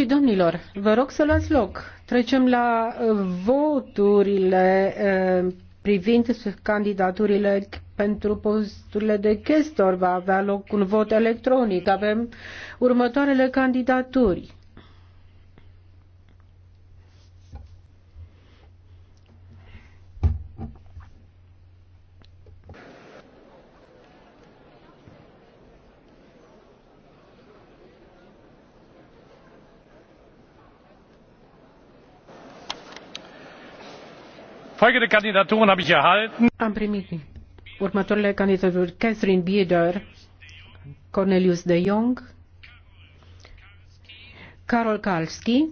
și domnilor, vă rog să luați loc. Trecem la uh, voturile uh, privind candidaturile pentru posturile de chestor. Va avea loc un vot electronic. Avem următoarele candidaturi. folgende kandidaturen habe ich erhalten am primit următoarele candidaturi Catherine Bieder, Cornelius de Jong, Karol Kalski,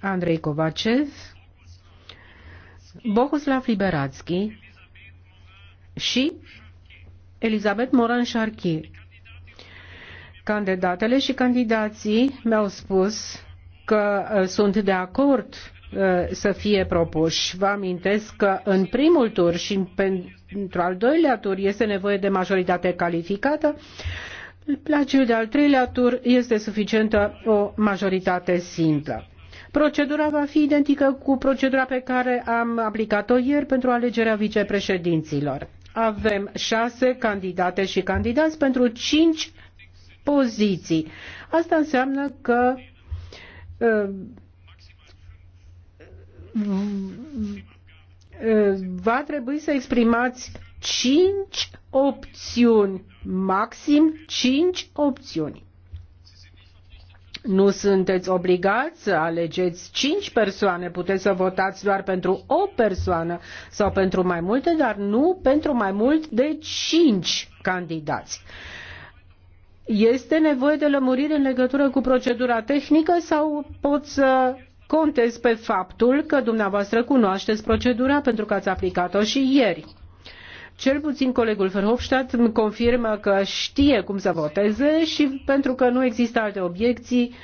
Andrei Kovacev, Bohuslav Liberadski și Elizabeth Moran Sharkey. Candidatele și candidații mi-au spus că uh, sunt de acord Uh, să fie propuși. Vă amintesc că în primul tur și pentru al doilea tur este nevoie de majoritate calificată. La cel de-al treilea tur este suficientă o majoritate simplă. Procedura va fi identică cu procedura pe care am aplicat-o ieri pentru alegerea vicepreședinților. Avem șase candidate și candidați pentru cinci poziții. Asta înseamnă că uh, va trebui să exprimați cinci opțiuni, maxim cinci opțiuni. Nu sunteți obligați să alegeți cinci persoane, puteți să votați doar pentru o persoană sau pentru mai multe, dar nu pentru mai mult de cinci candidați. Este nevoie de lămuriri în legătură cu procedura tehnică sau pot să contez pe faptul că dumneavoastră cunoașteți procedura pentru că ați aplicat-o și ieri. Cel puțin colegul Verhofstadt îmi confirmă că știe cum să voteze și pentru că nu există alte obiecții,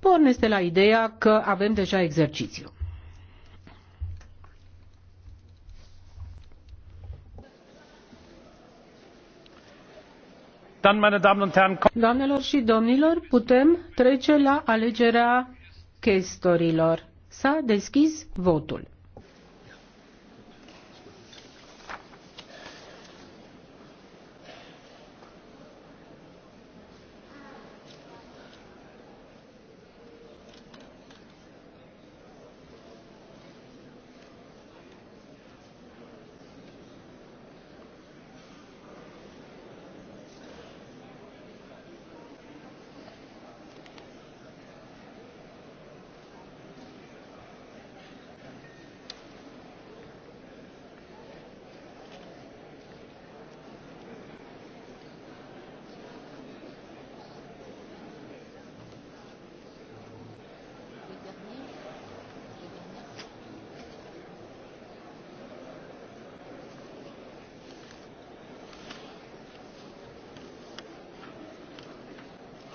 pornesc de la ideea că avem deja exercițiu. Doamnelor și domnilor, putem trece la alegerea chestorilor. S-a deschis votul.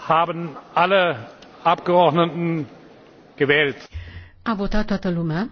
haben alle abgeordneten gewählt. a votat toată lumea?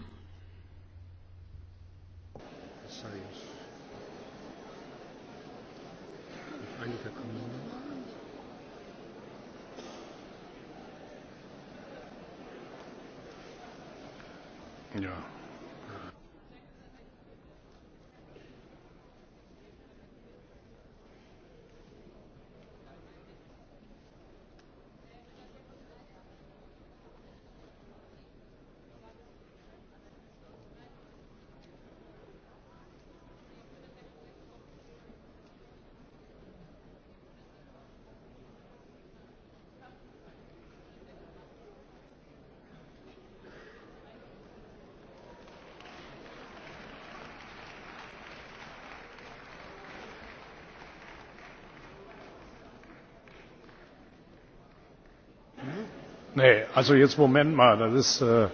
also jetzt Moment mal, das ist. Äh,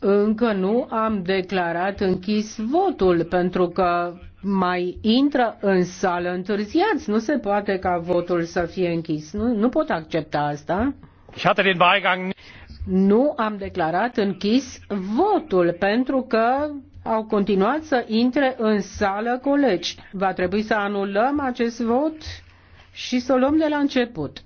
Încă nu am declarat închis votul pentru că mai intră în sală întârziați. Nu se poate ca votul să fie închis. Nu, nu pot accepta asta. Ich hatte den Nu am declarat închis votul pentru că au continuat să intre în sală colegi. Va trebui să anulăm acest vot și să o luăm de la început.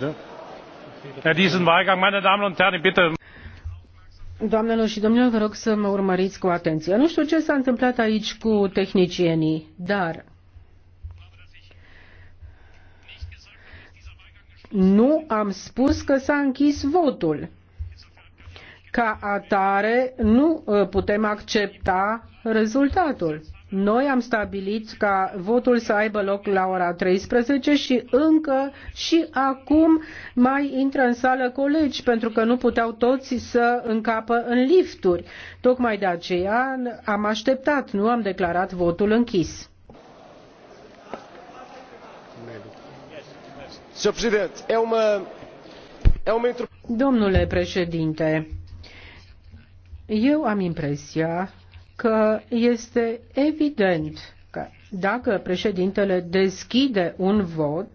Yeah. Doamnelor și domnilor, vă rog să mă urmăriți cu atenție. Nu știu ce s-a întâmplat aici cu tehnicienii, dar nu am spus că s-a închis votul. Ca atare, nu uh, putem accepta rezultatul. Noi am stabilit ca votul să aibă loc la ora 13 și încă și acum mai intră în sală colegi pentru că nu puteau toți să încapă în lifturi. Tocmai de aceea am așteptat, nu am declarat votul închis. Domnule președinte, eu am impresia că este evident că dacă președintele deschide un vot,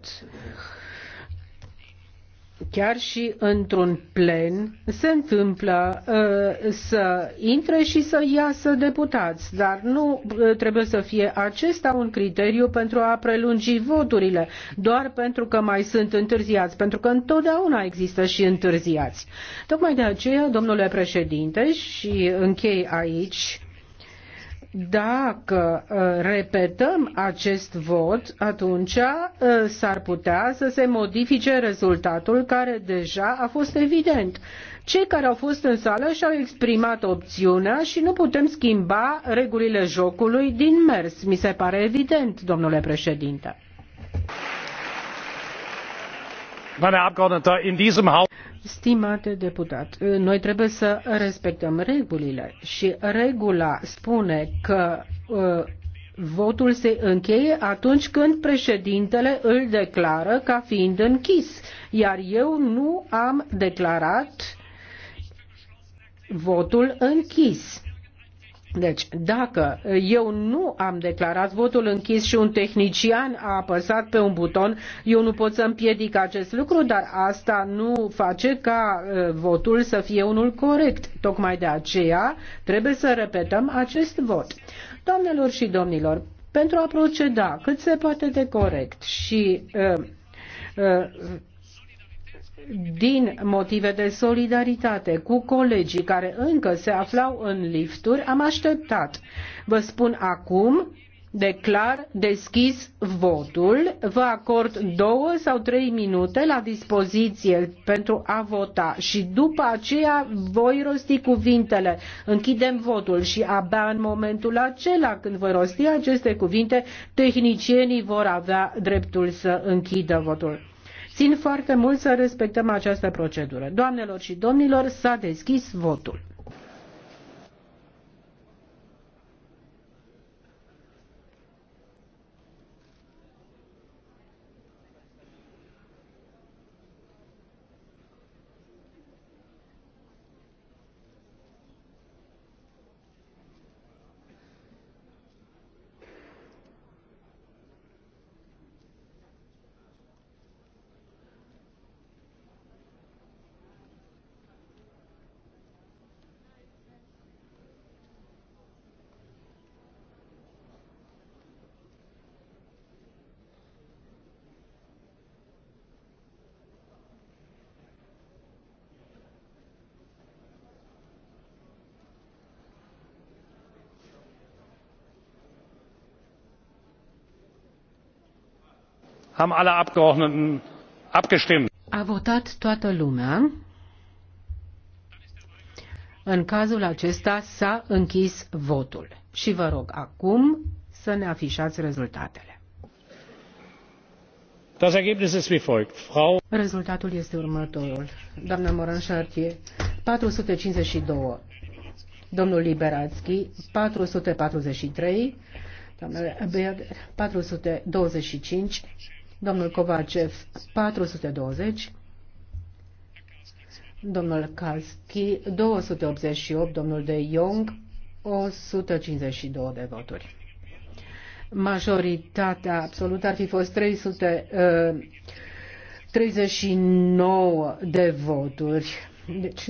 chiar și într-un plen, se întâmplă uh, să intre și să iasă deputați, dar nu uh, trebuie să fie acesta un criteriu pentru a prelungi voturile, doar pentru că mai sunt întârziați, pentru că întotdeauna există și întârziați. Tocmai de aceea, domnule președinte, și închei aici, dacă uh, repetăm acest vot, atunci uh, s-ar putea să se modifice rezultatul care deja a fost evident. Cei care au fost în sală și-au exprimat opțiunea și nu putem schimba regulile jocului din mers. Mi se pare evident, domnule președinte. Meine Abgeordnete, in diesem Haus Stimate deputat, noi trebuie să respectăm regulile și regula spune că uh, votul se încheie atunci când președintele îl declară ca fiind închis, iar eu nu am declarat votul închis. Deci, dacă eu nu am declarat votul închis și un tehnician a apăsat pe un buton, eu nu pot să împiedic acest lucru, dar asta nu face ca votul să fie unul corect. Tocmai de aceea trebuie să repetăm acest vot. Doamnelor și domnilor, pentru a proceda cât se poate de corect și uh, uh, din motive de solidaritate cu colegii care încă se aflau în lifturi, am așteptat. Vă spun acum, declar deschis votul. Vă acord două sau trei minute la dispoziție pentru a vota și după aceea voi rosti cuvintele. Închidem votul și abia în momentul acela când voi rosti aceste cuvinte, tehnicienii vor avea dreptul să închidă votul. Țin foarte mult să respectăm această procedură. Doamnelor și domnilor, s-a deschis votul. haben alle Abgeordneten abgestimmt. A votat toată lumea. În cazul acesta s-a închis votul. Și vă rog acum să ne afișați rezultatele. Das Ergebnis ist wie folgt. Frau Rezultatul este următorul. Doamna Moran Șartie, 452. Domnul Liberațchi, 443. Doamna Berg, 425. Domnul Kovacev, 420. Domnul Kalski, 288. Domnul de Jong, 152 de voturi. Majoritatea absolută ar fi fost 300. 39 uh, de voturi. Deci,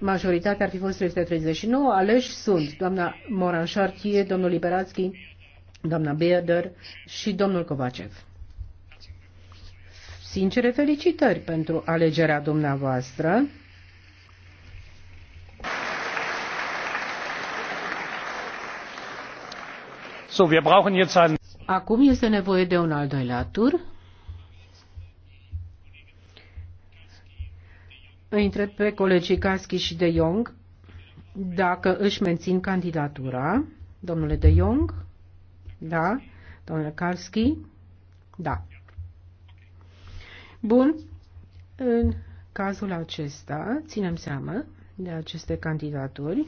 majoritatea ar fi fost 339, aleși sunt doamna Moranșarchie, domnul Liberațchi, doamna Beader și domnul Kovacev. Sincere felicitări pentru alegerea dumneavoastră. So, wir brauchen jetzt ein... Acum este nevoie de un al doilea tur. Îi întreb pe colegii Caschi și De Jong dacă își mențin candidatura. Domnule De Jong. Da? Domnule Karski? Da. Bun. În cazul acesta, ținem seama de aceste candidaturi.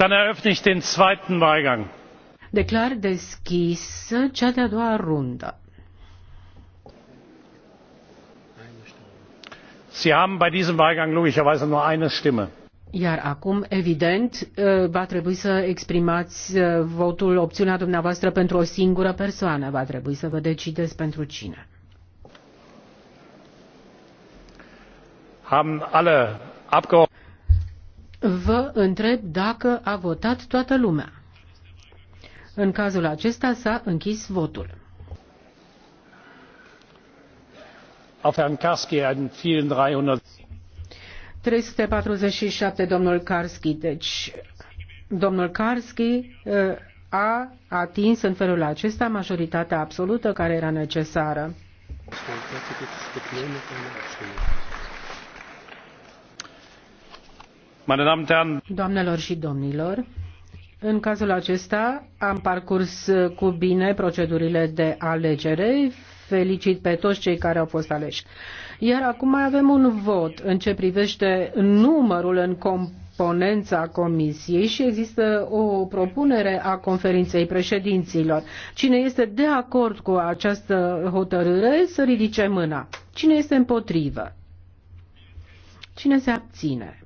Dann eröffne ich den zweiten Wahlgang. Declar deschis cea de-a doua rundă. Sie haben bei diesem Wahlgang logischerweise nur eine Stimme. Iar acum, evident, ă, va trebui să exprimați ă, votul, opțiunea dumneavoastră pentru o singură persoană. Va trebui să vă decideți pentru cine. Haben alle abgeordnete Vă întreb dacă a votat toată lumea. În cazul acesta s-a închis votul. Auf Herrn Karski 347 domnul Karski, deci domnul Karski eh, a atins în felul acesta majoritatea absolută care era necesară. Doamnelor și domnilor, în cazul acesta am parcurs cu bine procedurile de alegere. Felicit pe toți cei care au fost aleși. Iar acum mai avem un vot în ce privește numărul în componența comisiei și există o propunere a conferinței președinților. Cine este de acord cu această hotărâre să ridice mâna. Cine este împotrivă? Cine se abține?